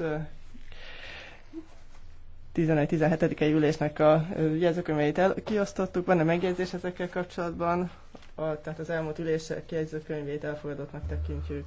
11-17. ülésnek a jegyzőkönyveit el, kiosztottuk, benne megjegyzés ezekkel kapcsolatban, a, tehát az elmúlt ülések jegyzőkönyvét elfogadottnak tekintjük.